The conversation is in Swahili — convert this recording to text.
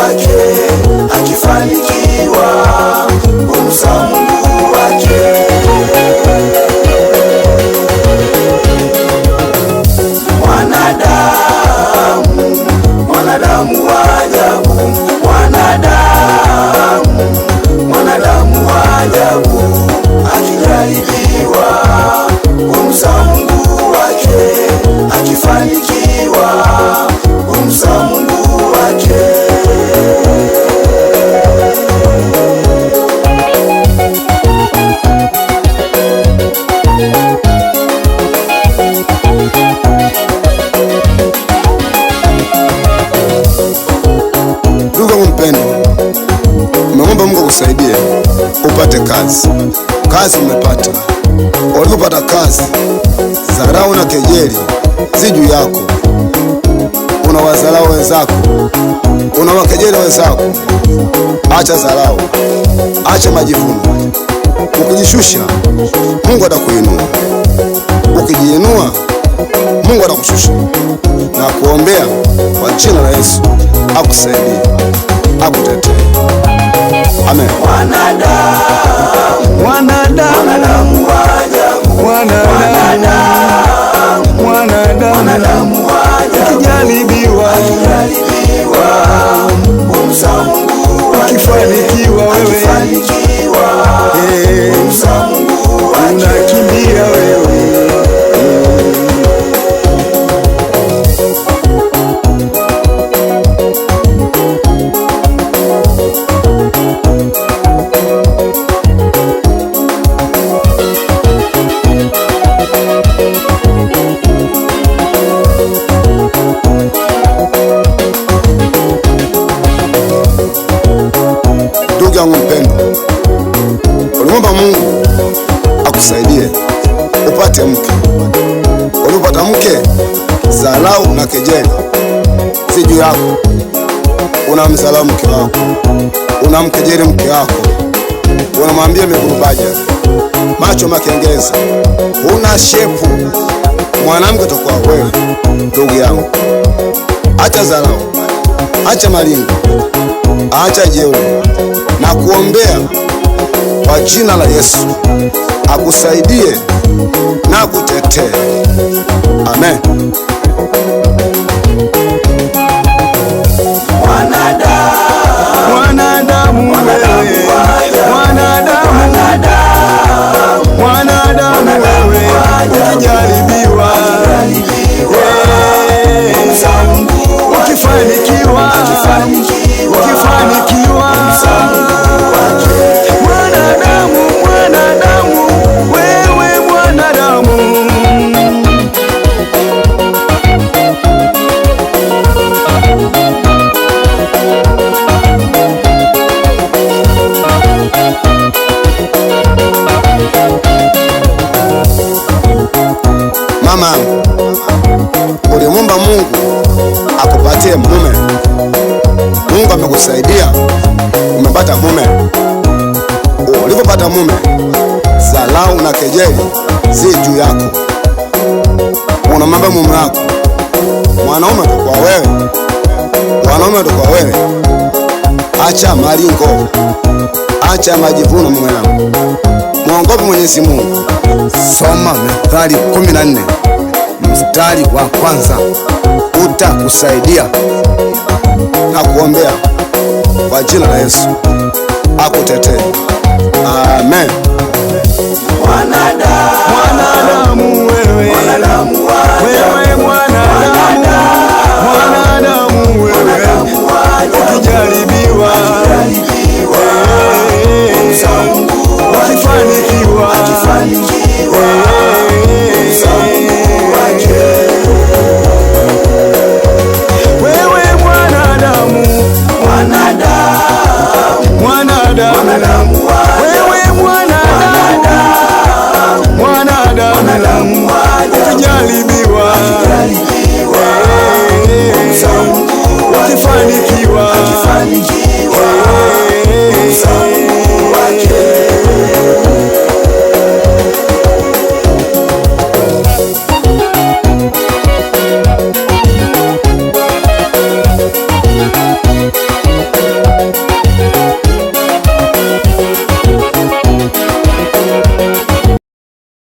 kwake akifanikiwa umsamu kazi, kazi umepata. Ulipopata kazi, dharau na kejeli si juu yako. Unawadharau wenzako, unawakejeli wenzako. Acha dharau, acha majivuno. Ukijishusha, Mungu atakuinua. Ukijiinua, Mungu atakushusha. Na kuombea kwa jina la Yesu akusaidie, akutetee. Amen. Wanadamu wanadamu wanadamu wanadamu wakijaribiwa yangu mpendo, ulimwomba Mungu akusaidie upate mke. Ulipata mke, dharau na kejeli si juu yako. Unamdharau mke wako, unamkejeli mke wako, unamwambia migurubaja, macho makengeza, una shepu mwanamke toka wewe. Ndugu yangu, acha dharau, acha malingo, acha jeuri na kuombea kwa jina la Yesu akusaidie na kutetee. Amen. Mungu amekusaidia, umepata mume. Ulipopata mume, salau na kejeli si juu yako, unamwambia mume wako, mwanaume kwa wewe, mwanaume kwa wewe. Acha maringo, acha majivuno, mume wangu, mwongope Mwenyezi Mungu. Soma Methali 14 mstari wa kwanza utakusaidia na kuombea kwa jina la Yesu akutetee. Amen. Mwanadamu, mwanadamu wewe, mwanadamu wewe, mwanadamu wewe,